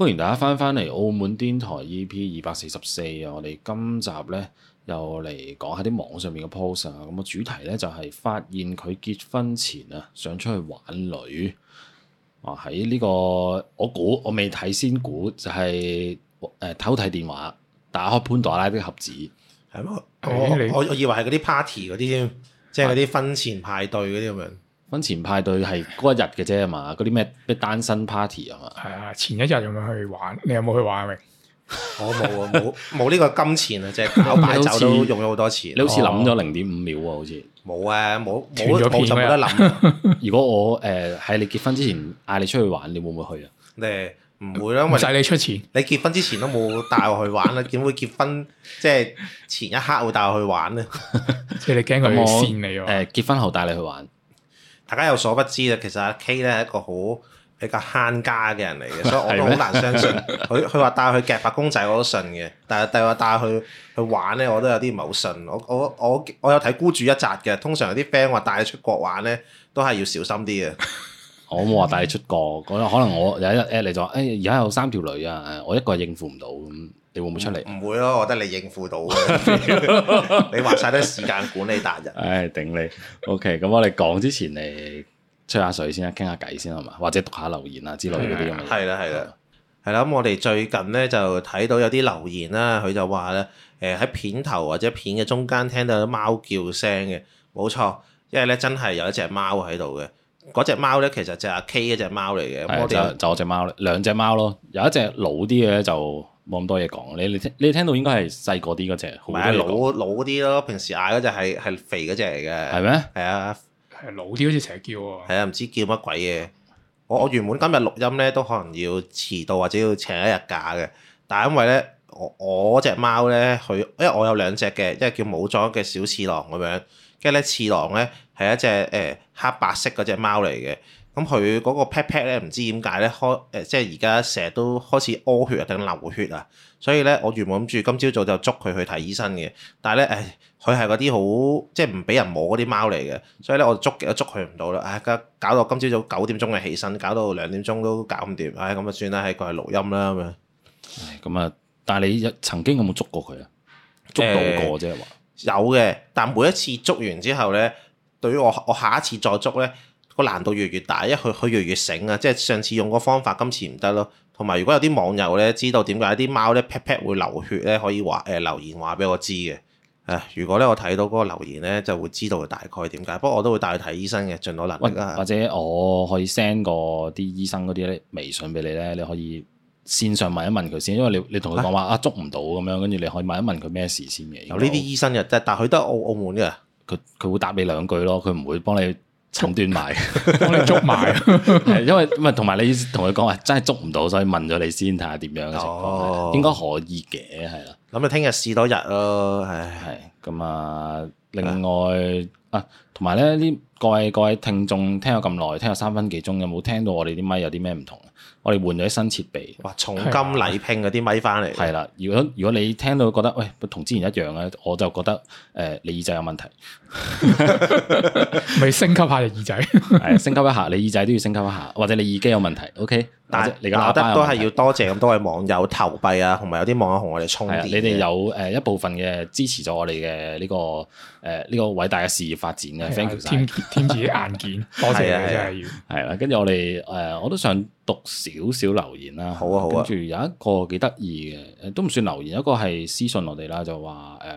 歡迎大家翻翻嚟《澳門癲台 E.P. 二百四十四》啊！我哋今集咧又嚟講下啲網上面嘅 post 啊！咁個主題咧就係發現佢結婚前啊想出去玩女，話喺呢個我估我未睇先估就係、是、誒、呃、偷睇電話，打開潘朵拉的盒子。係咩？我我你我以為係嗰啲 party 嗰啲，即係嗰啲婚前派對嗰啲咁樣。婚前派對係嗰一日嘅啫嘛，嗰啲咩咩單身 party 啊嘛，係啊，前一日仲去玩，你有冇去玩啊？我冇啊，冇冇呢個金錢啊，即係搞擺酒都用咗好多錢。你好似諗咗零點五秒啊，好似冇啊，冇冇就冇得諗。如果我誒喺你結婚之前嗌你出去玩，你會唔會去啊？你唔會啦，因為使你出錢。你結婚之前都冇帶我去玩啊？點會結婚？即係前一刻會帶我去玩咧？你驚佢黐你啊？誒，結婚後帶你去玩。大家有所不知啊，其實阿 K 咧係一個好比較慳家嘅人嚟嘅，嗎所以我都好難相信佢。佢話 帶佢夾白公仔我都信嘅，但係但係話帶佢去玩咧，我都有啲唔好信。我我我我有睇孤注一擲嘅，通常有啲 friend 話帶佢出國玩咧，都係要小心啲嘅。 我冇話帶你出國，可能可能我有一日 a 你就話，哎而家有三條女啊，我一個應付唔到咁。你會唔會出嚟？唔會咯、啊，我覺得你應付到，你話晒啲時間管理達人。唉，頂你。O K，咁我哋講之前嚟吹下水先啦，傾下偈先係嘛，或者讀下留言啊之類嗰啲咁嘅。係啦的，係啦、嗯，係啦。咁、嗯嗯、我哋最近咧就睇到有啲留言啦，佢就話咧，誒、呃、喺片頭或者片嘅中間聽到有貓叫聲嘅，冇錯，因為咧真係有一隻貓喺度嘅。嗰隻貓咧其實就係阿 K 一隻貓嚟嘅，的我們 就就隻貓咧，兩隻貓咯，有一隻老啲嘅就。冇咁多嘢講，你你聽你聽到應該係細個啲嗰隻，唔係啊，老老啲咯，平時嗌嗰隻係係肥嗰隻嚟嘅，係咩嗎？係啊，係老啲好似成日叫喎。係啊，唔、啊、知叫乜鬼嘢。我我原本今日錄音咧，都可能要遲到或者要請一日假嘅，但係因為咧，我我隻貓咧，佢因為我有兩隻嘅，一係叫武裝嘅小次郎咁樣，跟住咧次郎咧係一隻誒、欸、黑白色嗰隻貓嚟嘅。咁佢嗰個 pat pat 咧，唔知點解咧開誒、呃，即係而家成日都開始屙血啊，定流血啊，所以咧我原本諗住今朝早就捉佢去睇醫生嘅，但係咧，誒、哎，佢係嗰啲好即係唔俾人摸嗰啲貓嚟嘅，所以咧我捉極都捉佢唔到啦，唉、哎，搞到今朝早九點鐘就起身，搞到兩點鐘都搞唔掂，唉、哎，咁啊算啦，喺個係錄音啦咁樣。唉，咁啊，但係你曾經有冇捉過佢啊？捉到過啫嘛、哎？有嘅，但每一次捉完之後咧，對於我我下一次再捉咧。個難度越來越大，因為佢佢越嚟越醒啊！即係上次用個方法，今次唔得咯。同埋如果有啲網友咧，知道點解啲貓咧 pat pat 會流血咧，可以話誒留言話俾我知嘅。誒，如果咧我睇到嗰個留言咧，就會知道大概點解。不過我都會帶佢睇醫生嘅，盡到能力啊。或者我可以 send 個啲醫生嗰啲微信俾你咧，你可以線上問一問佢先，因為你你同佢講話啊捉唔到咁樣，跟住你可以問一問佢咩事先嘅。有呢啲醫生嘅，即係但係佢都係澳澳門嘅。佢佢會答你兩句咯，佢唔會幫你。前端埋，幫你捉埋，係 因為唔係同埋你同佢講話真係捉唔到，所以問咗你先睇下點樣嘅情況，應該可以嘅係啦。咁就聽日試多日咯。係係咁啊！另外的啊。同埋咧，啲各位各位聽眾聽咗咁耐，聽咗三分幾鐘，有冇聽到我哋啲咪有啲咩唔同？我哋換咗新設備，哇！重金禮聘嗰啲咪翻嚟。係啦、啊，如果、啊、如果你聽到覺得喂同、哎、之前一樣咧，我就覺得誒、呃、你耳仔有問題，咪 升級下你耳仔，係、 啊、升級一下，你耳仔都要升級一下，或者你耳機有問題。O、okay? K，但係鬧得都係要多謝咁多位網友投幣啊，同埋有啲網友同我哋充電、啊、你哋有誒一部分嘅支持咗我哋嘅呢個誒呢個偉大嘅事業發展嘅。.天見天子眼見，多謝你真係要係啦。跟住 我哋誒、呃，我都想讀少少留言啦。好啊，好啊。跟住有一個幾得意嘅，誒都唔算留言，一個係私信我哋啦。就話誒，咁、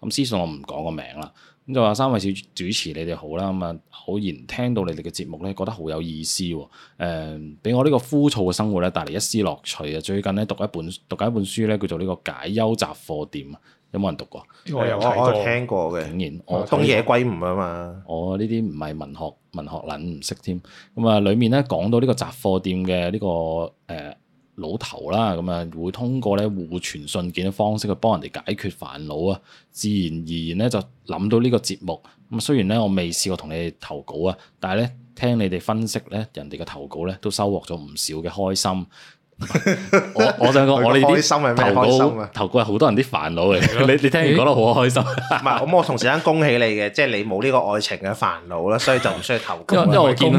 呃、私信我唔講個名啦。咁就話三位小主持你哋好啦，咁、嗯、啊好然聽到你哋嘅節目咧，覺得好有意思喎。誒、呃，俾我呢個枯燥嘅生活咧，帶嚟一絲樂趣啊！最近咧讀一本讀緊一本書咧，叫做《呢個解憂雜貨店》。有冇人讀過？我有，有過我有聽過嘅，竟然我東野圭吾啊嘛！我呢啲唔係文學文學撚唔識添。咁啊，裡面咧講到呢個雜貨店嘅呢個誒老頭啦，咁啊會通過咧互傳信件嘅方式去幫人哋解決煩惱啊。自然而然咧就諗到呢個節目。咁雖然咧我未試過同你哋投稿啊，但係咧聽你哋分析咧人哋嘅投稿咧都收穫咗唔少嘅開心。我我想講，我呢啲投稿，投稿係好多人啲煩惱嘅。你你聽完覺得好開心。唔係，咁我同時間恭喜你嘅，即係你冇呢個愛情嘅煩惱啦，所以就唔需要投稿。因為因為我見，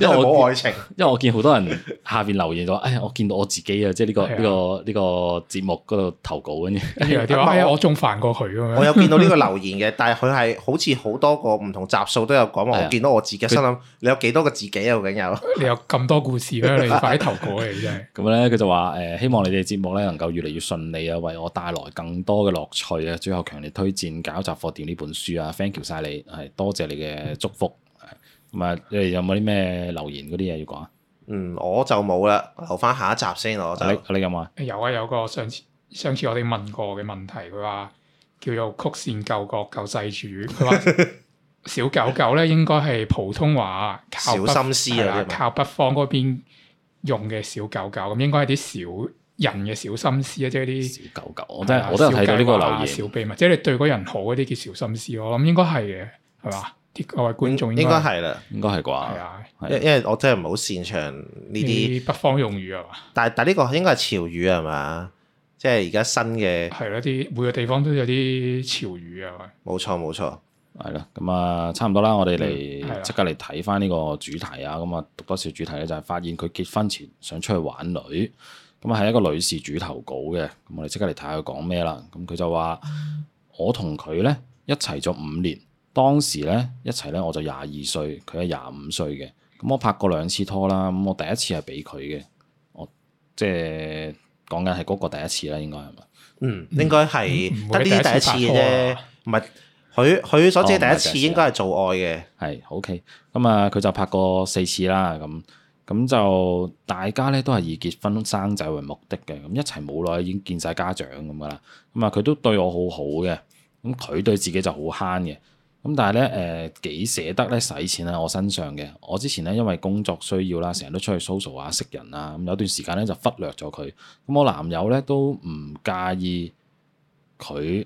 因為冇愛情。因為我見好多人下邊留言就話，哎我見到我自己啊！即係呢個呢個呢個節目嗰度投稿。跟住，點我仲煩過佢嘅咩？我有見到呢個留言嘅，但係佢係好似好多個唔同集數都有講。我見到我自己，心諗你有幾多個自己啊？究竟有？你有咁多故事 你快啲投過啊！真係咁咧，佢就話，誒，希望你哋節目咧，能夠越嚟越順利啊，為我帶來更多嘅樂趣啊！最後強烈推薦《搞雜貨店》呢本書啊，thank you 晒你，係多謝你嘅祝福。咁啊，你哋有冇啲咩留言嗰啲嘢要講啊？嗯，我就冇啦，留翻下一集先我就、啊。你你有冇啊？有啊，有個上次上次我哋問過嘅問題，佢話叫做曲線救國救世主。佢話 小狗狗咧，應該係普通話靠，小心思啊，吧靠北方嗰邊。用嘅小狗狗咁，應該係啲小人嘅小心思啊！即係啲小狗狗，狗狗，係嘛？我真係我都有睇到呢個留言，小秘密，即係你對嗰人好嗰啲叫小心思。我諗應該係嘅，係嘛？啲各位觀眾應該係啦，應該係啩？係啊，因為我真係唔係好擅長呢啲北方用語啊嘛。但係但係呢個應該係潮語係嘛？即係而家新嘅係咯，啲每個地方都有啲潮語係咪？冇錯，冇錯。係咯，咁啊，差唔多啦。我哋嚟即刻嚟睇翻呢個主題啊。咁啊，讀多少主題咧，就係發現佢結婚前想出去玩女。咁啊，係一個女士主投稿嘅。咁我哋即刻嚟睇下佢講咩啦。咁佢就話：我同佢咧一齊咗五年，當時咧一齊咧我就廿二歲，佢係廿五歲嘅。咁我拍過兩次拖啦。咁我第一次係俾佢嘅。我即係講緊係嗰個第一次啦，應該係嘛？嗯，應該係得呢啲第一次啫，唔係。佢佢所知第一次應該係做愛嘅，哦，係 OK。咁啊，佢就拍過四次啦。咁咁就大家咧都係以結婚生仔為目的嘅。咁一齊冇耐已經見晒家長咁噶啦。咁啊，佢都對我好好嘅。咁佢對自己就好慳嘅。咁但係咧誒幾捨得咧使錢喺我身上嘅。我之前咧因為工作需要啦，成日都出去 social 啊識人啊。咁有段時間咧就忽略咗佢。咁我男友咧都唔介意佢。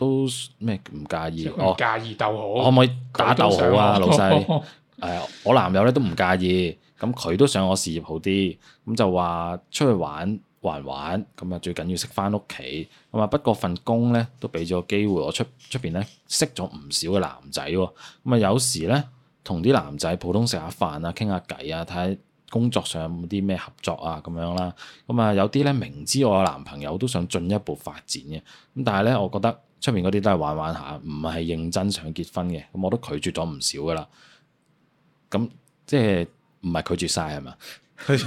都咩唔介意？我介意逗號，可唔可以打逗號啊？老細闆，誒、 哎，我男友咧都唔介意，咁佢都想我事業好啲，咁就話出去玩玩玩，咁啊最緊要識翻屋企，咁啊不過份工咧都俾咗個機會我出出邊咧識咗唔少嘅男仔喎，咁啊有時咧同啲男仔普通食下飯啊，傾下偈啊，睇下工作上有冇啲咩合作啊咁樣啦，咁啊有啲咧明知我有男朋友，都想進一步發展嘅，咁但係咧，我覺得。出面嗰啲都係玩玩下，唔係認真想結婚嘅。咁我都拒絕咗唔少噶啦。咁即係唔係拒絕晒係嘛？我拒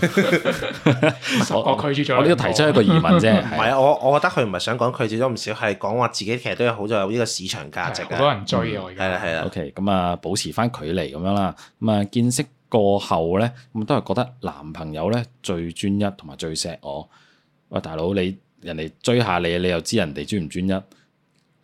絕咗。我呢都提出一個疑問啫，唔係我我覺得佢唔係想講拒絕咗唔少，係講話自己其實都有好在有呢個市場價值，嗯、好多人追啊。而家係啦係啦。OK，咁啊保持翻距離咁樣啦。咁啊見識過後咧，咁都係覺得男朋友咧最專一，同埋最錫我。喂，大佬你人哋追下你，你又知，知人哋專唔專一？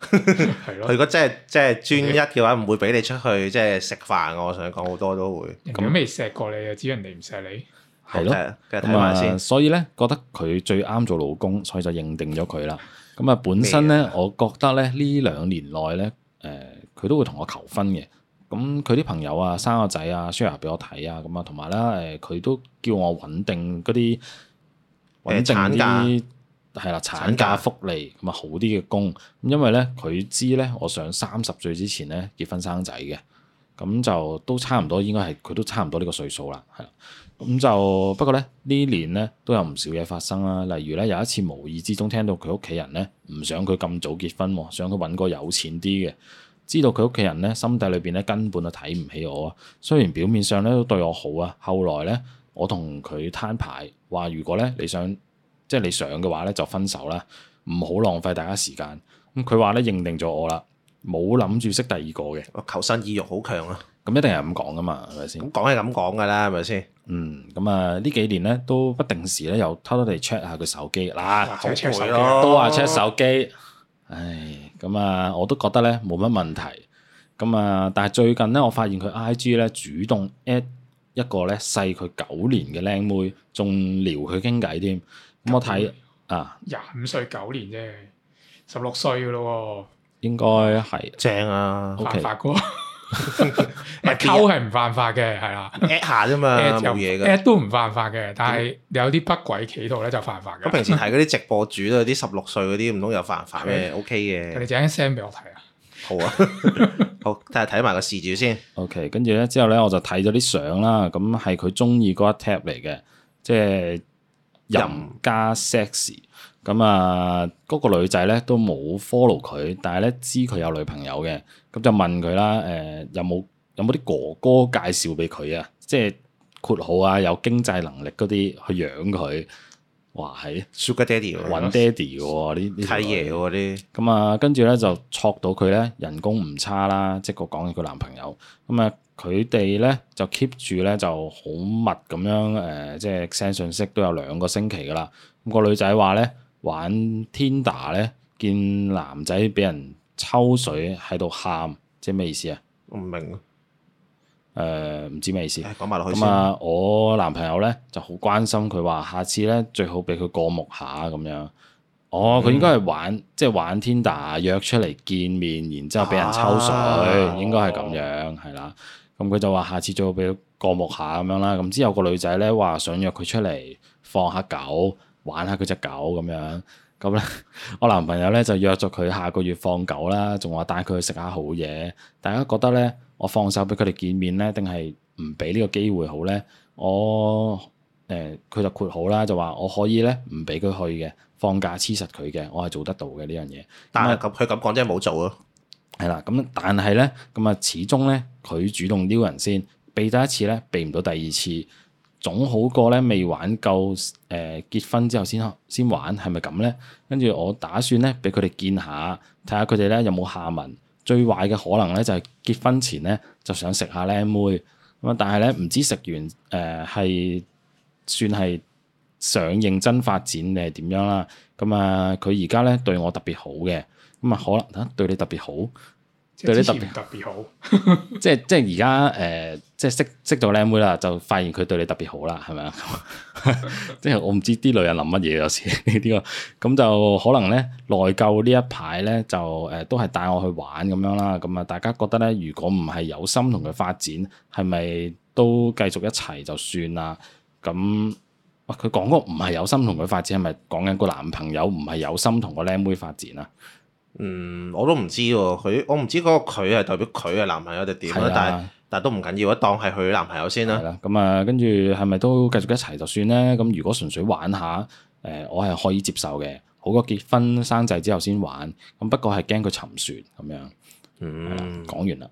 係咯，佢 如果即係即係專一嘅話，唔會俾你出去即係食飯。我想講好多都會。咁未錫過你，又知人哋唔錫你，係咯 了。咁咪先了、嗯。所以咧，覺得佢最啱做老公，所以就認定咗佢啦。咁啊，本身咧，我覺得咧呢兩年內咧，誒，佢都會同我求婚嘅。咁佢啲朋友啊，生個仔啊，share 俾我睇啊，咁啊，同埋咧，誒，佢都叫我穩定嗰啲穩定啲。係啦，產假福利咁啊好啲嘅工，因為咧佢知咧我上三十歲之前咧結婚生仔嘅，咁就都差唔多應該係佢都差唔多呢個歲數啦，係啦，咁就不過咧呢年咧都有唔少嘢發生啦，例如咧有一次無意之中聽到佢屋企人咧唔想佢咁早結婚，想佢揾個有錢啲嘅，知道佢屋企人咧心底裏邊咧根本就睇唔起我啊，雖然表面上咧都對我好啊，後來咧我同佢攤牌話如果咧你想。即係你想嘅話咧，就分手啦！唔好浪費大家時間。咁佢話咧認定咗我啦，冇諗住識第二個嘅。我求生意欲好強啊！咁一定係咁講噶嘛，係咪先？咁講係咁講噶啦，係咪先？嗯，咁啊呢幾年咧都不定時咧，又偷偷哋 check 下佢手機，嗱，check 都話 check 手機。唉，咁、嗯、啊我都覺得咧冇乜問題。咁、嗯、啊、嗯，但係最近咧，我發現佢 I G 咧主動 at 一個咧細佢九年嘅靚妹，仲撩佢傾偈添。咁我睇啊，廿五歲九年啫，十六歲噶咯，應該係正啊，犯法噶，唔係溝係唔犯法嘅，係啊 a t 下啫嘛，冇嘢嘅，at 都唔犯法嘅，但係有啲不軌企圖咧就犯法嘅。咁平時睇嗰啲直播主都啲十六歲嗰啲，唔通有犯法咩？OK 嘅，你整一 s e 俾我睇啊，好啊，好，睇下睇埋個視住先，OK，跟住咧之後咧我就睇咗啲相啦，咁係佢中意嗰一 tap 嚟嘅，即係。人家 sexy 咁啊，嗰個女仔咧都冇 follow 佢，但係咧知佢有女朋友嘅，咁就問佢啦，誒、呃、有冇有冇啲哥哥介紹俾佢啊？即係括號啊，有經濟能力嗰啲去養佢。哇係，Sugar Daddy 揾 Daddy 嘅，呢呢契爺啲咁啊，跟住咧就撮到佢咧人工唔差啦。嗯、即係我講佢男朋友咁啊，佢哋咧就 keep 住咧就好密咁樣誒，即係 send 信息都有兩個星期噶啦。咁個女仔話咧玩 Tinder 咧見男仔俾人抽水喺度喊，即係咩意思啊？我唔明誒唔、呃、知咩意思？講埋落去咁啊！我男朋友咧就好關心佢話，下次咧最好俾佢過目下咁樣。哦，佢、嗯、應該係玩，即、就、係、是、玩 Tinder 約出嚟見面，然之後俾人抽水，啊、應該係咁樣，係、哦、啦。咁佢就話下次最好俾佢過目下咁樣啦。咁之後個女仔咧話想約佢出嚟放下狗，玩下佢隻狗咁樣。咁咧， 我男朋友咧就約咗佢下個月放狗啦，仲話帶佢去食下好嘢。大家覺得咧？我放手俾佢哋見面咧，定係唔俾呢個機會好咧？我誒佢、呃、就括好啦，就話我可以咧唔俾佢去嘅，放假黐實佢嘅，我係做得到嘅呢樣嘢。但係咁佢咁講即係冇做咯。係啦，咁但係咧咁啊，始終咧佢主動撩人先避第一次咧，避唔到第二次，總好過咧未玩夠誒、呃、結婚之後先先玩係咪咁咧？跟住我打算咧俾佢哋見下，睇下佢哋咧有冇下文。最壞嘅可能咧就係結婚前咧就想食下靚妹咁啊！但係咧唔知食完誒係、呃、算係想認真發展定係點樣啦？咁、嗯、啊，佢而家咧對我特別好嘅，咁、嗯、啊可能啊對你特別好。對你特別特別好，即係即係而家誒，即係識識咗僆妹啦，就發現佢對你特別好啦，係咪啊？即係、呃、 我唔知啲女人諗乜嘢有時呢啲啊，咁 就可能咧內疚呢一排咧就誒、呃、都係帶我去玩咁樣啦，咁啊大家覺得咧，如果唔係有心同佢發展，係咪都繼續一齊就算啦？咁哇，佢講嗰唔係有心同佢發展，係咪講緊個男朋友唔係有心同個僆妹發展啊？嗯，我都唔知喎，佢我唔知嗰個佢係代表佢嘅男朋友定點、啊、但係但都唔緊要，當係佢男朋友先啦。咁啊，跟住係咪都繼續一齊就算咧？咁如果純粹玩下，誒、呃，我係可以接受嘅。好過結婚生仔之後先玩。咁不過係驚佢沉船咁樣。嗯，嗯，講完啦。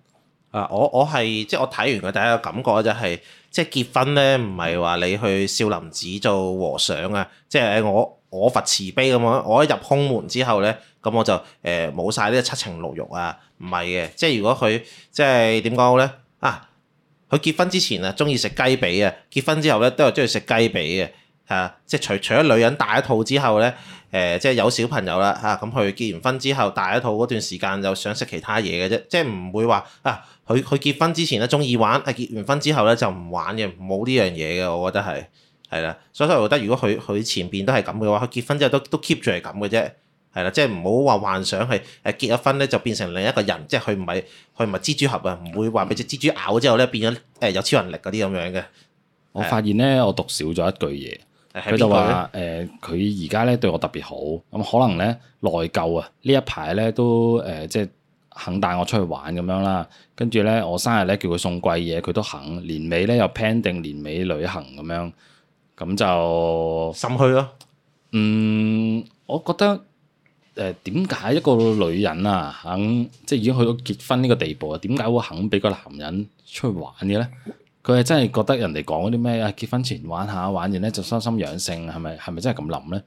啊，我我係即係我睇完佢，第一個感覺就係、是，即係結婚咧，唔係話你去少林寺做和尚啊，即係我。我佛慈悲咁樣，我一入空門之後咧，咁我就誒冇晒呢個七情六欲啊！唔係嘅，即係如果佢即係點講好咧啊？佢結婚之前啊，中意食雞髀啊，結婚之後咧都係中意食雞髀嘅嚇。即係除除咗女人大肚之後咧，誒、呃、即係有小朋友啦嚇，咁、啊、佢結完婚之後大肚嗰段時間就想食其他嘢嘅啫，即係唔會話啊佢佢結婚之前咧中意玩，結完婚之後咧就唔玩嘅，冇呢樣嘢嘅，我覺得係。係啦，所以我覺得如果佢佢前邊都係咁嘅話，佢結婚之後都都 keep 住係咁嘅啫。係啦，即係唔好話幻想係誒結咗婚咧就變成另一個人，即係佢唔係佢唔係蜘蛛俠啊，唔會話俾隻蜘蛛咬之後咧變咗誒有超能力嗰啲咁樣嘅。我發現咧，我讀少咗一句嘢，佢就話誒佢而家咧對我特別好，咁可能咧內疚啊呢一排咧都誒即係肯帶我出去玩咁樣啦，跟住咧我生日咧叫佢送貴嘢，佢都肯，年尾咧又 plan 定年尾旅行咁樣。咁就心虛咯。嗯，我覺得誒點解一個女人啊肯即係已經去到結婚呢個地步啊，點解會肯俾個男人出去玩嘅咧？佢係真係覺得人哋講嗰啲咩啊？結婚前玩下，玩完咧就收心養性，係咪係咪真係咁諗咧？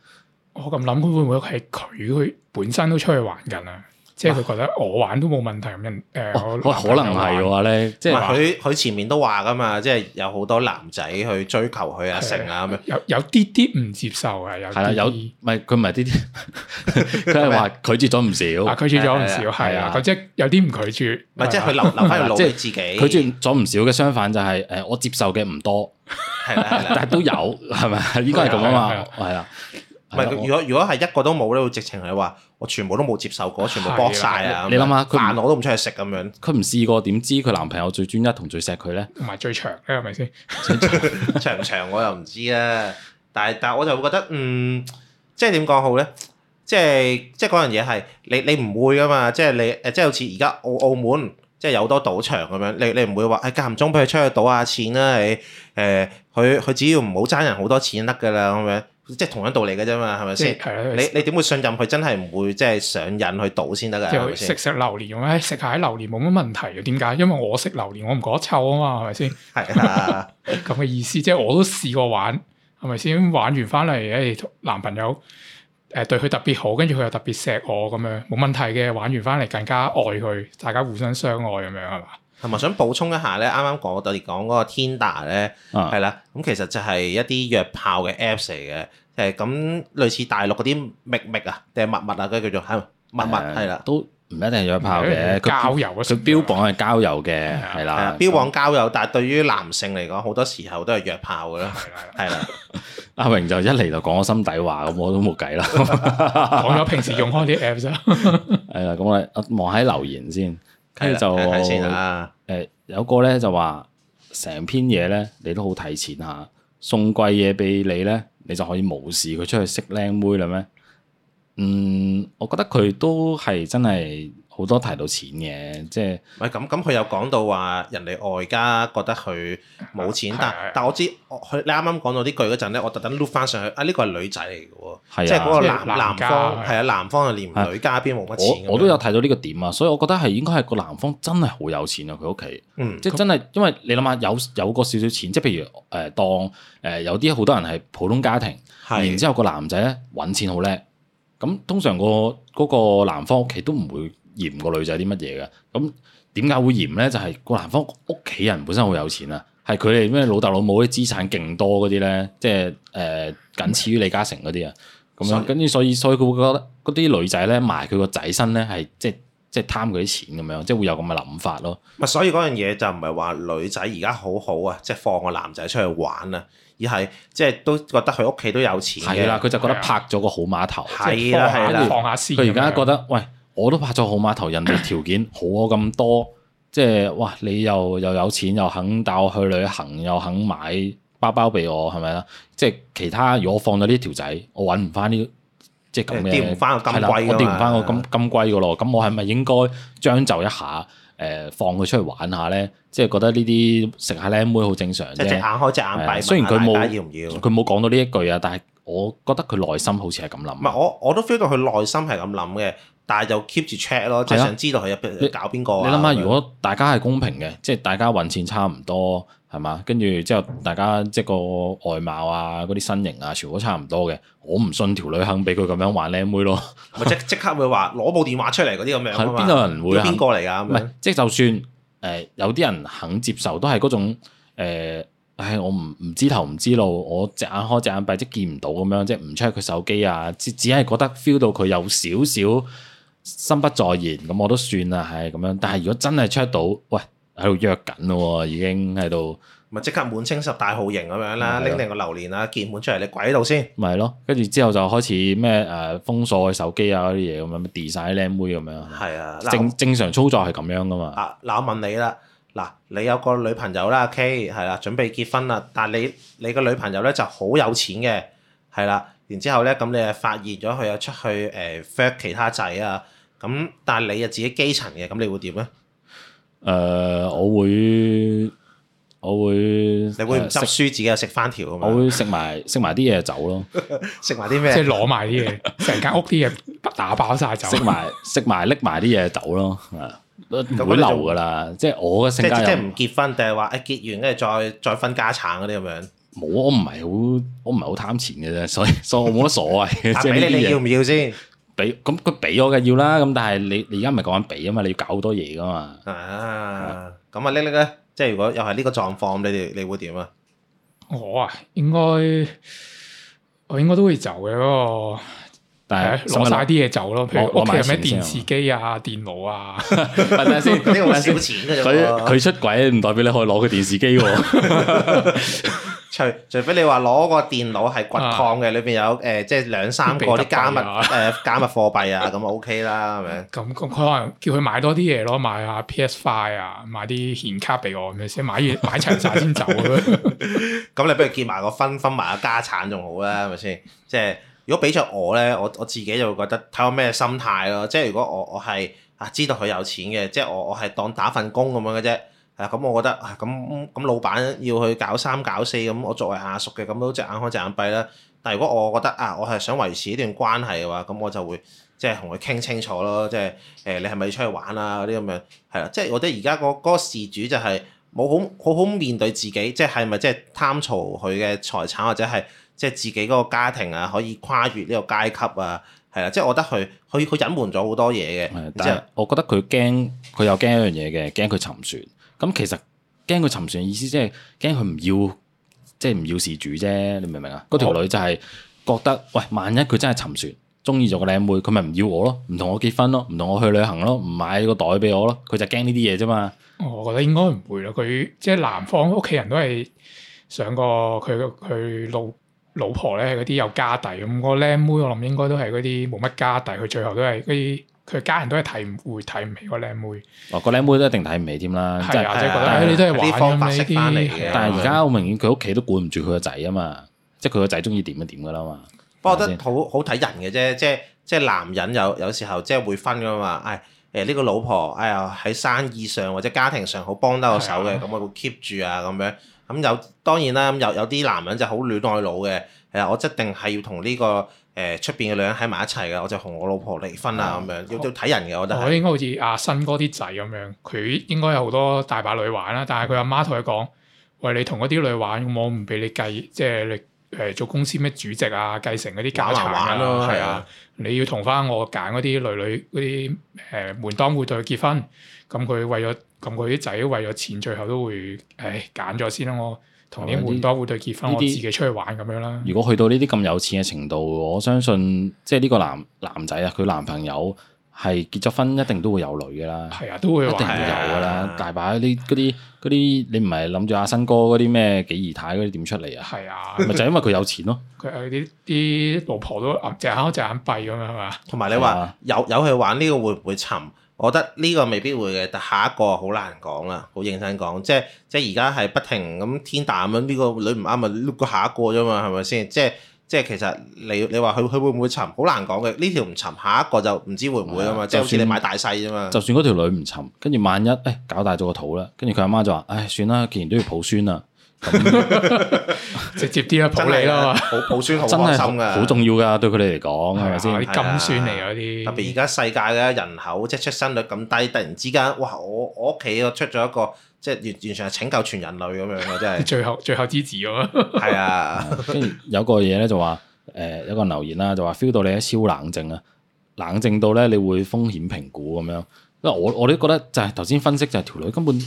我咁諗會唔會係佢佢本身都出去玩緊啊？即係佢覺得我玩都冇問題咁樣，誒，可能係嘅話咧，即係佢佢前面都話噶嘛，即係有好多男仔去追求佢啊，成啊咁樣，有有啲啲唔接受啊，有係啦，有唔係佢唔係啲啲，佢係話拒絕咗唔少，拒絕咗唔少，係啊，佢即係有啲唔拒絕，咪即係佢留留喺度諗住自己，佢拒絕咗唔少嘅，相反就係誒，我接受嘅唔多，係但係都有係咪？應該係咁啊嘛，係啊。唔係，如果如果係一個都冇咧，會直情係話我全部都冇接受過，全部博晒啊！你諗下，佢飯我都唔出去食咁樣，佢唔不不試過點知佢男朋友最專一同最錫佢咧？唔係最長咧，係咪先？ 長唔長我又唔知啦。但係但我就會覺得，嗯，即係點講好咧？即係即係嗰樣嘢係你你唔會噶嘛？即係你誒，即係好似而家澳澳門即係有多賭場咁樣，你你唔會話誒間唔中俾佢出去賭下錢啦？誒誒，佢、呃、佢只要唔好爭人好多錢得噶啦咁樣。即係同一道理嘅啫嘛，係咪先？係啊，你你點會信任佢？真係唔會即係上癮去賭先得㗎，係咪先？食食榴蓮，誒食下啲榴蓮冇乜問題嘅，點解？因為我食榴蓮，我唔覺得臭啊嘛，係咪先？係啊，咁嘅 意思，即係我都試過玩，係咪先？玩完翻嚟，誒男朋友誒對佢特別好，跟住佢又特別錫我咁樣，冇問題嘅。玩完翻嚟更加愛佢，大家互相相愛咁樣係嘛？同埋、嗯、想補充一下咧，啱啱講到別講嗰個 Tinder 咧，係啦、嗯，咁、嗯、其實就係一啲約炮嘅 Apps 嚟嘅。誒，咁類似大陸嗰啲蜜蜜啊，定係蜜蜜啊？嗰叫做係蜜蜜，係啦，都唔一定係約炮嘅，佢佢標榜係交友嘅，係啦，標榜交友，但係對於男性嚟講，好多時候都係約炮㗎啦，係啦，阿榮就一嚟就講我心底話，咁我都冇計啦，講咗平時用開啲 apps 啊，係啦，咁我望喺留言先，跟住就誒，有個咧就話成篇嘢咧，你都好提前啊，送貴嘢俾你咧。你就可以無視佢出去識靚妹嘞咩？嗯，我覺得佢都係真係。好多提到錢嘅，即係喂咁咁，佢又講到話人哋外家覺得佢冇錢，但但我知佢，你啱啱講到啲句嗰陣咧，我特登碌翻上去啊，呢個係女仔嚟嘅喎，即係嗰個男男方係啊，男方係連女家邊冇乜錢。我我都有睇到呢個點啊，所以我覺得係應該係個男方真係好有錢啊，佢屋企，即係真係因為你諗下有有個少少錢，即係譬如誒當誒有啲好多人係普通家庭，然之後個男仔揾錢好叻，咁通常個嗰個男方屋企都唔會。嫌個女仔啲乜嘢嘅，咁點解會嫌咧？就係、是、個男方屋企人本身好有錢啦，係佢哋咩老豆老母啲資產勁多嗰啲咧，即係誒、呃，僅次於李嘉誠嗰啲啊，咁樣跟住所以所以佢會覺得嗰啲女仔咧埋佢個仔身咧係即係即係貪佢啲錢咁樣，即係會有咁嘅諗法咯。唔所以嗰樣嘢就唔係話女仔而家好好啊，即係放個男仔出去玩啊，而係即係都覺得佢屋企都有錢嘅，係啦，佢就覺得拍咗個好碼頭，即係了放下放下試。佢而家覺得喂。我都拍咗好碼頭，人哋條件好咁多，即係哇！你又又有錢，又肯帶我去旅行，又肯買包包俾我，係咪啦？即係其他，如果我放咗呢條仔，我揾唔翻呢，即係咁嘅，係啦 Catal ina.，我掂唔翻個金金龜個咯。咁、啊、我係咪應該將就一下？誒，放佢出去玩下咧？即係覺得呢啲食下靚妹好正常啫。隻眼開隻眼閉，雖然佢冇佢冇講到呢一句啊，但係我覺得佢內心好似係咁諗。唔係我我都 feel 到佢內心係咁諗嘅。但係就 keep 住 check 咯，即係想知道佢又搞邊個、啊。你諗下，如果大家係公平嘅，即係大家揾錢差唔多，係嘛？跟住之後大家即係個外貌啊、嗰啲身形啊，全部都差唔多嘅。我唔信條女肯俾佢咁樣玩靚妹咯， 即即刻會話攞部電話出嚟嗰啲咁樣。邊有人會啊？邊個嚟噶？唔係，即係就算誒、呃，有啲人肯接受，都係嗰種誒、呃，唉，我唔唔知頭唔知，知路，我隻眼開隻眼閉，即係見唔到咁樣，即係唔 check 佢手機啊，只只係覺得 feel 到佢有少少。心不在焉咁，我都算啦，係咁樣。但係如果真係出到，喂，喺度約緊咯，已經喺度，咪即刻滿清十大酷刑咁樣啦，拎定個榴蓮啊，鍵盤出嚟，你跪喺度先。咪係咯，跟住之後就開始咩誒、啊、封鎖手機啊嗰啲嘢，咁樣 delete 晒啲靚妹咁樣。係啊，正正常操作係咁樣噶嘛。啊，嗱，我問你啦，嗱，你有個女朋友啦，K 係啦，準備結婚啦，但係你你個女朋友咧就好有錢嘅，係啦。然之後咧，咁你又發現咗佢有出去誒 f e l 其他仔啊？咁但係你又自己基層嘅，咁你會點咧？誒，我會，我會，你會唔執輸自己又食翻條啊？我會食埋食埋啲嘢走咯，食埋啲咩？即係攞埋啲嘢，成間屋啲嘢打包晒走，食埋食埋拎埋啲嘢走咯，啊唔會留噶啦！即係我嘅性格。即係唔結婚定係話誒結完跟住再再分家產嗰啲咁樣。冇我唔係好，我唔係好貪錢嘅啫，所以所以我冇乜所謂，即係你，你要唔要先？俾咁佢俾我嘅要啦。咁但係你你而家咪講緊俾啊嘛？你要搞好多嘢噶嘛？啊！咁啊樣，叻叻咧，即係如果又係呢個狀況，你哋你會點啊？我啊，應該我應該都會走嘅嗰個。係攞晒啲嘢走咯，譬如屋企有咩電視機啊、電腦啊，係咪先？呢個係少錢嘅，所以佢出軌唔代表你可以攞佢電視機、啊。 除除非你話攞個電腦係掘礦嘅， 裏邊有誒、呃，即係兩三個啲加密誒加密貨幣啊，咁啊 OK 啦，係咪？咁咁佢可能叫佢買多啲嘢咯，買下 PS Five 啊，買啲顯卡俾我，係咪先？買嘢買齊晒先走。咁你不如結埋個婚，分埋個家產仲好啦，係咪先？即係。如果比著我咧，我我自己就會覺得睇我咩心態咯。即係如果我我係啊知道佢有錢嘅，即係我我係當打份工咁樣嘅啫。啊咁、嗯，我覺得咁咁、啊嗯嗯、老闆要去搞三搞四咁、嗯，我作為下屬嘅，咁都隻眼開隻眼閉啦。但係如果我覺得啊，我係想維持呢段關係嘅話，咁、嗯、我就會即係同佢傾清楚咯。即係誒、呃，你係咪出去玩啊？嗰啲咁樣係啦。即係我覺得而家個個事主就係、是、冇好好，好好面對自己，即係係咪即係貪嘈佢嘅財產或者係？即係自己嗰個家庭啊，可以跨越呢個階級啊，係啦，即係我覺得佢佢佢隱瞞咗好多嘢嘅。但係我覺得佢驚，佢又驚一樣嘢嘅，驚佢沉船。咁其實驚佢沉船意思即係驚佢唔要，即係唔要事主啫。你明唔明啊？嗰條女就係覺得，喂，萬一佢真係沉船，中意咗個靚妹，佢咪唔要我咯，唔同我結婚咯，唔同我去旅行咯，唔買個袋俾我咯，佢就驚呢啲嘢啫嘛。我覺得應該唔會咯，佢即係男方屋企人都係上過佢去路。老婆咧係嗰啲有家底，咁、個僆妹我諗應該都係嗰啲冇乜家底，佢最後都係啲佢家人都係睇唔會睇唔起、個僆妹。哦，個僆妹都一定睇唔起添啦，或者、啊、覺得、哎、呀你都係玩方式啲。些但係而家好明顯，佢屋企都管唔住佢個仔啊嘛，即係佢個仔中意點就點噶啦嘛。不過、嗯、覺得好好睇人嘅啫，即係即係男人有有時候即係會分噶嘛。誒誒呢個老婆，哎呀喺生意上或者家庭上好幫得我手嘅的，咁我會 keep 住啊咁樣。咁有當然啦，有有啲男人就好戀愛腦嘅，誒我一定係要同呢個誒出邊嘅女人喺埋一齊嘅，我就同我老婆離婚啊咁樣，要要睇人嘅我都。哦，應該好似阿新哥啲仔咁樣，佢應該有好多大把女玩啦，但係佢阿媽同佢講，喂，你同嗰啲女玩，我唔俾你繼，即係誒做公司咩主席啊，繼承嗰啲家產啊，係啊，你要同翻我揀嗰啲女女嗰啲誒門當戶對結婚，咁、嗯、佢、嗯嗯、為咗。咁佢啲仔為咗錢，最後都會唉揀咗先啦。我同啲換多換對結婚，啲、啊、自己出去玩咁樣啦。如果去到呢啲咁有錢嘅程度，我相信即係呢個男男仔啊，佢男朋友係結咗婚，一定都會有女噶啦。係啊，都會一定會有噶啦。啊、大把呢嗰啲啲，你唔係諗住阿燊哥嗰啲咩幾姨太嗰啲點出嚟啊？係啊，咪就係因為佢有錢咯 。佢啲啲老婆都隻眼隻眼閉咁樣係嘛？同埋你話有有去玩呢個會唔會沉？我覺得呢個未必會嘅，但下一個好難講啊。好認真講，即係即係而家係不停咁天打咁，呢、呢個女唔啱咪碌過下一個啫嘛，係咪先？即係即係其實你你話佢佢會唔會沉？好難講嘅，呢條唔沉，下一個就唔知會唔會啊嘛，即係好似你買大細啫嘛。就算嗰條女唔沉，跟住萬一誒搞大咗個肚啦，跟住佢阿媽就話：唉，算啦，既然都要抱孫啊。 直接啲啊，抱你啦嘛，抱孫好啊，真係好重要噶，對佢哋嚟講，係咪先啲咁算嚟嗰啲？些特別而家世界嘅人口即係出生率咁低，突然之間哇，我我屋企我出咗一個即係完完全係拯救全人類咁樣嘅，即係 最後最後支持咁 啊！係啊， 跟、呃、住有個嘢咧就話誒有一個留言啦，就話 feel 到你喺超冷靜啊，冷靜到咧你會風險評估咁樣，因為我我都覺得就係頭先分析就係條女根本。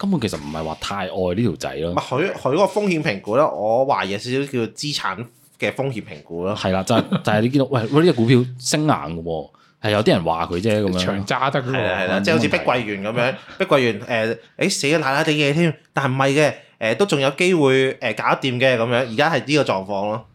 根本其實唔係話太愛呢條仔咯，唔係佢佢個風險評估咧，我懷疑有少少叫做資產嘅風險評估咯。係啦，就係就係你見到喂，我呢隻股票升硬嘅喎，係有啲人話佢啫咁樣，長揸得嘅係啦，即係好似碧桂園咁樣，碧桂園誒誒死啦，拉拉啲嘢添，但係唔係嘅，誒都仲有機會誒搞掂嘅咁樣，而家係呢個狀況咯，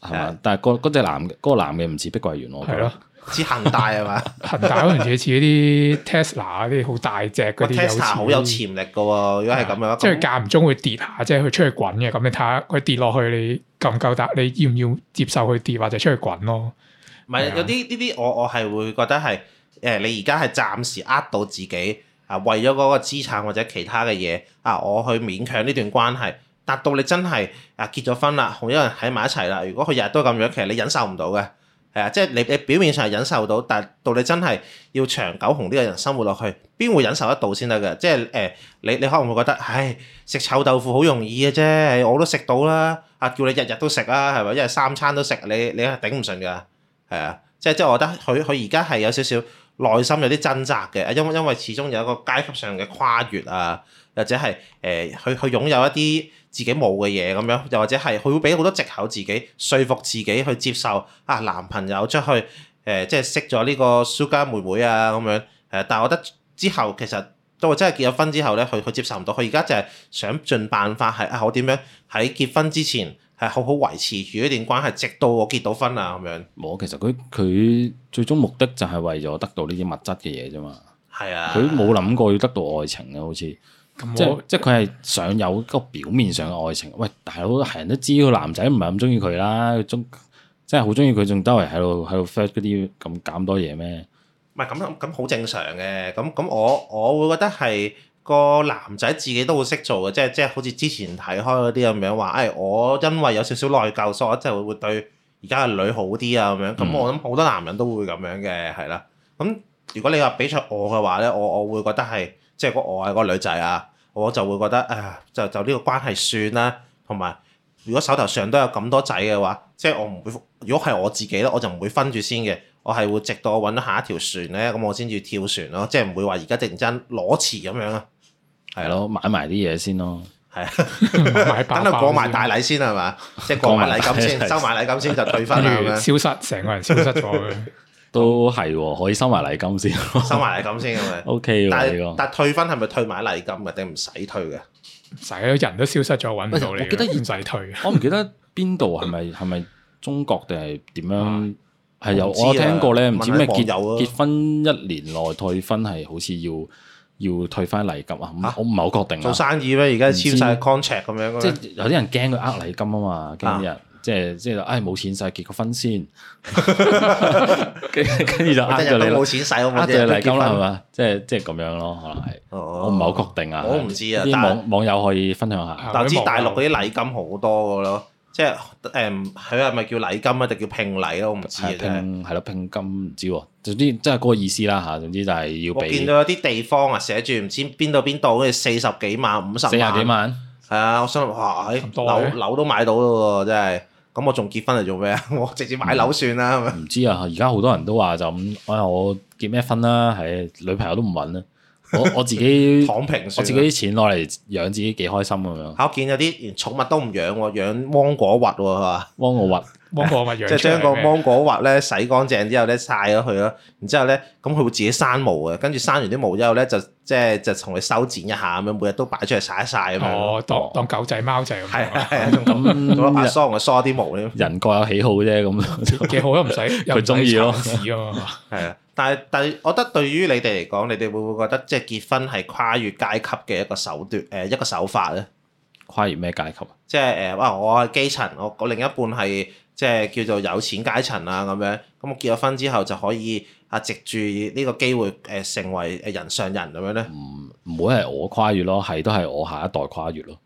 係嘛？但係個嗰隻男嘅，嗰個男嘅唔似碧桂園喎，係咯。似恒大係嘛？恒 大可能似啲 Tesla 嗰啲好像像 la，大隻嗰啲。好 有潛力㗎喎！如果係咁樣，啊、即係間唔中會跌下，即係佢出去滾嘅。咁你睇下佢跌落去，你夠唔夠膽？你要唔要接受佢跌或者出去滾咯？唔係有啲呢啲，我我係會覺得係誒、欸，你而家係暫時呃到自己啊，為咗嗰個資產或者其他嘅嘢啊，我去勉強呢段關係，達到你真係啊結咗婚啦，同一個人喺埋一齊啦。如果佢日日都咁樣，其實你忍受唔到嘅。係即係你你表面上係忍受到，但係到你真係要長久同呢個人生活落去，邊會忍受得到先得㗎？即係誒、呃，你你可能會覺得，唉，食臭豆腐好容易嘅啫，我都食到啦。啊，叫你日日都食啦，係咪一日三餐都食？你你係頂唔順㗎？係啊，即係即係，我覺得佢佢而家係有少少內心有啲掙扎嘅，因為因為始終有一個階級上嘅跨越啊。或者係誒，佢、呃、佢擁有一啲自己冇嘅嘢咁樣，又或者係佢會俾好多藉口自己説服自己去接受啊，男朋友出去誒、呃，即係識咗呢個蘇家妹妹啊咁樣。誒，但係我覺得之後其實到我真係結咗婚之後咧，佢佢接受唔到，佢而家就係想盡辦法係啊，我點樣喺結婚之前係好好維持住一段關係，直到我結到婚啊咁樣。冇，其實佢佢最終目的就係為咗得到呢啲物質嘅嘢啫嘛。係啊，佢冇諗過要得到愛情啊，好似。即係佢係想有個表面上嘅愛情，喂，大佬，係人都知個男仔唔係咁中意佢啦，中即係好中意佢，仲周圍喺度喺度 fit 嗰啲咁咁多嘢咩？唔係咁咁好正常嘅，咁咁我我會覺得係個男仔自己都會識做嘅，即係即係好似之前睇開嗰啲咁樣話，誒、哎、我因為有少少內疚，所以我即係會會對而家嘅女好啲啊咁樣。咁我諗好多男人都會咁樣嘅，係啦。咁如果你比話比出我嘅話咧，我我會覺得係。即係我係個女仔啊，我就會覺得誒，就就呢個關係算啦。同埋如果手頭上都有咁多仔嘅話，即係我唔會。如果係我自己咧，我就唔會分住先嘅。我係會直到我揾到下一條船咧，咁我先至跳船咯。即係唔會話而家突然間攞錢咁樣啊。係咯，買埋啲嘢先咯。係啊， 買爆爆 等到過埋大禮先係嘛， 即係過埋禮金先，收埋禮金先就退婚咁 消失成 個人消失咗 都係可以收埋禮金先收埋禮金先咪 O K 但係退婚係咪退埋禮金嘅，定唔使退嘅？使人都消失咗，揾唔到你。我記得要仔退，我唔記得邊度係咪係咪中國定係點樣係有？我聽過咧，唔知咩結結婚一年內退婚係好似要要退翻禮金啊？我唔係好確定。做生意咩？而家簽曬 contract 咁樣即係有啲人驚佢呃禮金啊嘛，驚啲人。即係即係，唉冇錢使，結個婚先，跟住就呃咗你冇錢使，冇借禮金啦，係嘛？即係即係咁樣咯，可能係。我唔係好確定啊，我唔知啊。啲網友可以分享下。但係知大陸啲禮金好多個咯，即係誒，佢係咪叫禮金啊？定叫聘禮咯？我唔知啊，係。係咯，聘金唔知喎。總之，即係嗰個意思啦吓，總之就係要俾。我見到有啲地方啊，寫住唔知邊度邊度，好似四十幾萬、五十、四十幾萬，係啊！我想話喺樓樓都買到啦喎，真係。咁我仲結婚嚟做咩啊？ 我直接買樓算啦，唔不 知啊！而家好多人都話就咁，我結咩婚啦？誒，女朋友都唔揾啦。我我自己，躺平，我自己啲錢攞嚟養自己幾開心咁樣。我見有啲連寵物都唔養，養芒果核係嘛？芒果核，芒果核即係將個芒果核咧洗乾淨之後咧晒咗佢咯。然之後咧，咁佢會自己生毛嘅，跟住生完啲毛之後咧就即係就同佢修剪一下咁樣，每日都擺出嚟晒一晒咁樣。哦，當當狗仔貓仔咁樣，係啊，咁攞把梳同佢梳啲毛。人各有喜好啫，咁喜好都唔使，佢中意咯。係啊。但係，但係，我覺得對於你哋嚟講，你哋會唔會覺得即係結婚係跨越階級嘅一個手段，誒一個手法咧？跨越咩階級啊？即係誒，哇、呃！我係基層，我另一半係即係叫做有錢階層啊咁樣，咁我結咗婚之後就可以啊，藉住呢個機會誒成為誒人上人咁樣咧？唔唔、嗯、會係我跨越咯，係都係我下一代跨越咯。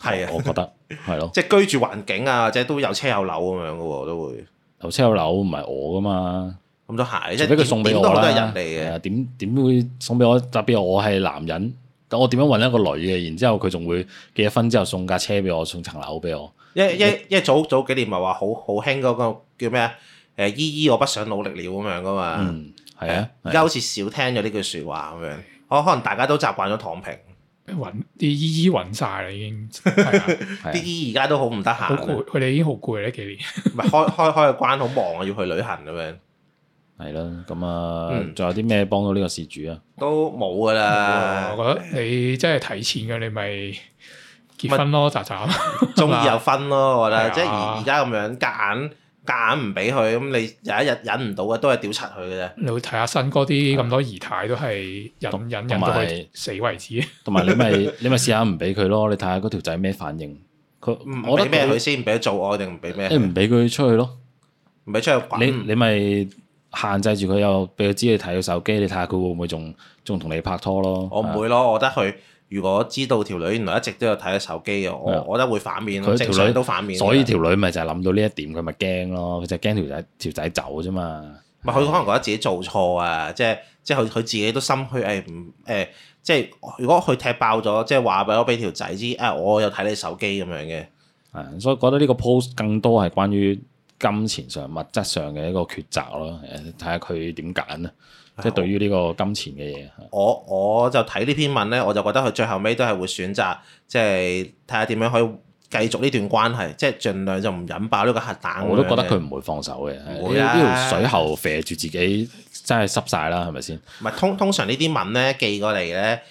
係是啊我，我覺得係 對咯，即係居住環境啊，即係都有車有樓咁樣嘅喎，都會有車有樓唔係我噶嘛。咁多鞋，除非佢送俾我啦，點點會送俾我？特別我係男人，咁我點樣揾一個女嘅？然之後佢仲會結咗婚之後送架車俾我，送層樓俾我。因為因為因為早早幾年咪話好好興嗰個叫咩啊？誒依依，我不想努力了咁樣噶嘛。嗯，係啊，而家好似少聽咗呢句説話咁樣。可可能大家都習慣咗躺平，揾啲姨姨揾晒啦，已經。啲姨姨而家都好唔得閒，佢哋已經好攰啦。幾年？唔係開開開個關好忙啊，要去旅行咁樣。係啦，咁啊，仲有啲咩幫到呢個事主啊？都冇噶啦，我覺得你真係提前嘅，你咪結婚咯，咋咋，中意就分咯。我覺得即係而而家咁樣夾硬夾硬唔俾佢，咁你有一日忍唔到嘅，都係屌柒佢嘅啫。你會睇下新哥啲咁多姨太都係忍忍忍到去死為止，同埋你咪你咪試下唔俾佢咯，你睇下嗰條仔咩反應，佢唔俾咩佢先，俾佢做愛定唔俾咩？即係唔俾佢出去咯，唔俾出去，你你咪。限制住佢又俾佢知你睇佢手機，你睇下佢會唔會仲仲同你拍拖咯？我唔會咯，是的 我覺得佢如果知道條女原來一直都有睇佢手機，是的 我覺得會反面咯，條女正常都反面。所以條女咪就係諗到呢一點，佢咪驚咯，佢就驚條仔條仔走啫嘛。咪佢是的 可能覺得自己做錯啊，即係即係佢佢自己都心虛誒唔誒，即係如果佢踢爆咗，即係話俾我俾條仔知啊，我有睇你手機咁樣嘅。啊，所以覺得呢個 post 更多係關於。金錢上、物質上嘅一個抉擇咯，睇下佢點揀啊！即係呦對於呢個金錢嘅嘢，我我就睇呢篇文咧，我就覺得佢最後尾都係會選擇，即係睇下點樣可以繼續呢段關係，即係儘量就唔引爆呢個核彈。我都覺得佢唔會放手嘅，呢條水喉肥住自己，真係濕晒啦，係咪先？唔係通通常呢啲文咧寄過嚟咧，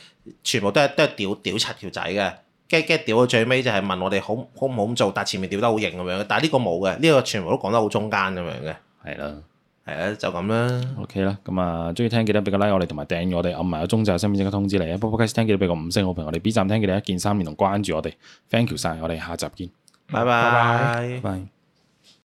全部都係都係屌屌柒條仔嘅。get get 掉到最尾就係問我哋好好唔好咁做，但前面掉得好型咁樣但係呢個冇嘅，呢、這個全部都講得好中間咁樣嘅。係咯的，係啊，就咁啦。OK 啦，咁、嗯、啊，中意聽記得俾個 like 我哋，同埋訂閱我哋，按埋個鐘就有身份即刻通知你啊。Podcast 聽記得俾個五星好評我，我哋 B 站聽記得一鍵三連同關注我哋。Thank you 晒！我哋下集見，拜拜拜。Bye bye bye bye